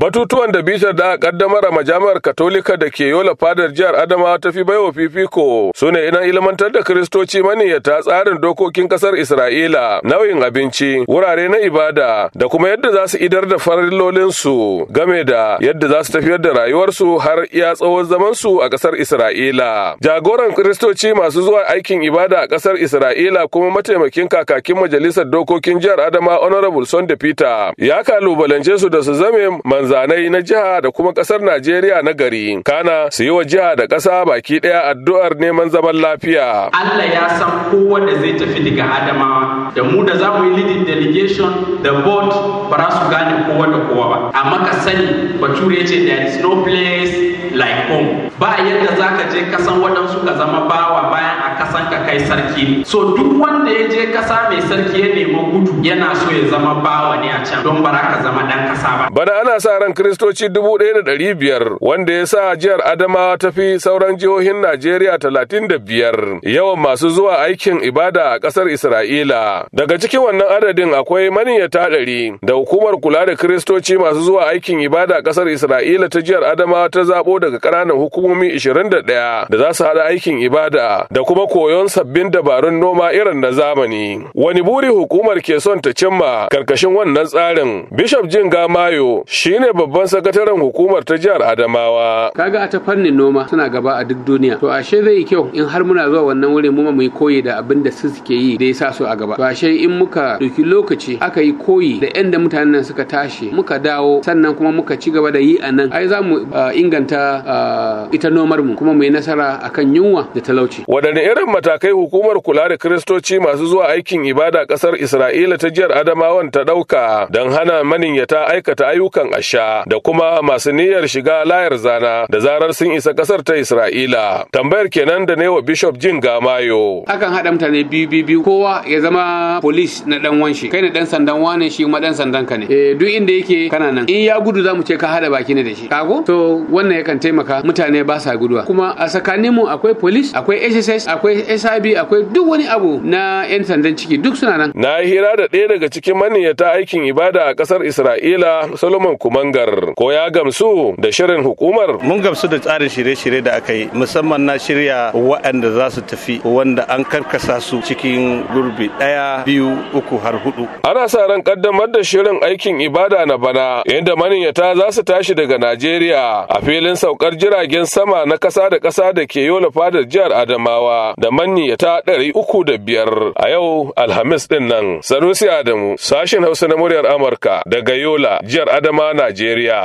Batutuwan da bishar da kaddamar a majami'ar Katolika da ke yola fadar jihar Adamawa ta fi baiwa fifiko su ne ina ilmantar da Kiristoci maniyyata tsarin dokokin kasar Isra'ila, nauyin abinci, wurare na ibada da kuma yadda za su idar da farillolinsu game da yadda za su tafiyar da rayuwarsu har ya tsawon zamansu a kasar Isra'ila. Jagoran Kiristoci masu zuwa aikin ibada a kasar Isra'ila kuma mataimakin kakakin majalisar dokokin jihar Adama Honorable Sunday Peter ya kalubalance su da su zame manz zanai na jiha da kuma kasar Najeriya na gari. Kana su yi wa jiha da ƙasa baki ɗaya addu'ar neman zaman lafiya. Allah ya san kowa da zai tafi daga Adamawa da mu da za mu yi leading delegation da board ba za su gane kowa da kowa ba. Amma ka sani Bature ya ce there is no place like home. Ba yadda za ka je kasan waɗansu ka zama bawa san ka kai sarki ne so duk wanda ya je kasa mai sarki ya nemi gudu yana so ya zama bawa ne a can don bara ka zama dan kasa ba bana ana sa ran Kiristoci dubu ɗaya da ɗari biyar wanda ya sa jihar adamawa ta fi sauran jihohin najeriya talatin da biyar yawan masu zuwa aikin ibada a ƙasar isra'ila daga cikin wannan adadin akwai maniyyata ɗari da hukumar kula da kiristoci masu zuwa aikin ibada a ƙasar isra'ila ta jihar adamawa ta zaɓo daga ƙananan hukumomi 21 da za su haɗa aikin ibada da kuma koyon sabbin dabarun noma irin na zamani. Wani buri hukumar ke son ta cimma karkashin wannan tsarin. Bishop Jinga Mayo shine babban sakataren hukumar ta jihar Adamawa. Kaga a ta fannin noma suna gaba a duk duniya. To ashe zai yi kyau in har muna zuwa wannan wurin mu mu koyi da abin da su suke yi da ya sa su a gaba. To ashe in muka duki lokaci aka yi koyi da yanda mutanen nan suka tashi muka dawo sannan kuma muka ci gaba da yi a nan ai za mu ah, inganta ah, ita nomar mu kuma mu yi nasara akan yunwa da talauci. Waɗanne irin matakai hukumar kula da kiristoci masu zuwa aikin ibada kasar Isra'ila ta jihar Adamawan ta ɗauka don hana maniyyata aikata ayyukan asha da kuma masu niyyar shiga layar zana da zarar sun isa kasar ta Isra'ila. Tambayar kenan da wa Bishop Jin Gamayo. Akan haɗa mutane biyu biyu biyu kowa ya zama polis na ɗan wanshi kai na ɗan sandan wane shi kuma ɗan sandan ka ne. Eh duk inda yake kana nan in ya gudu zamu ce ka haɗa baki ne da shi. Kago? To wannan yakan taimaka mutane ba sa guduwa kuma a tsakaninmu akwai polis akwai SSS akwai SIB akwai duk wani abu na 'yan sandan ciki duk suna nan. Na hira da ɗaya daga cikin maniyyata aikin ibada a ƙasar Isra'ila Solomon Kumangar ko ya gamsu da shirin hukumar. Mun gamsu da tsarin shirye-shirye da aka yi musamman na shirya waɗanda za su tafi wanda an karkasa su cikin gurbi ɗaya biyu uku har hudu. Ana sa ran ƙaddamar da shirin aikin ibada na bana inda maniyyata za su tashi daga Najeriya a filin saukar jiragen sama na ƙasa da ƙasa da ke yola fadar jihar Adamawa da ya ta ɗari uku da biyar a yau alhamis ɗin nan sanusi adamu sashen hausa na muryar amurka daga yola jihar adama najeriya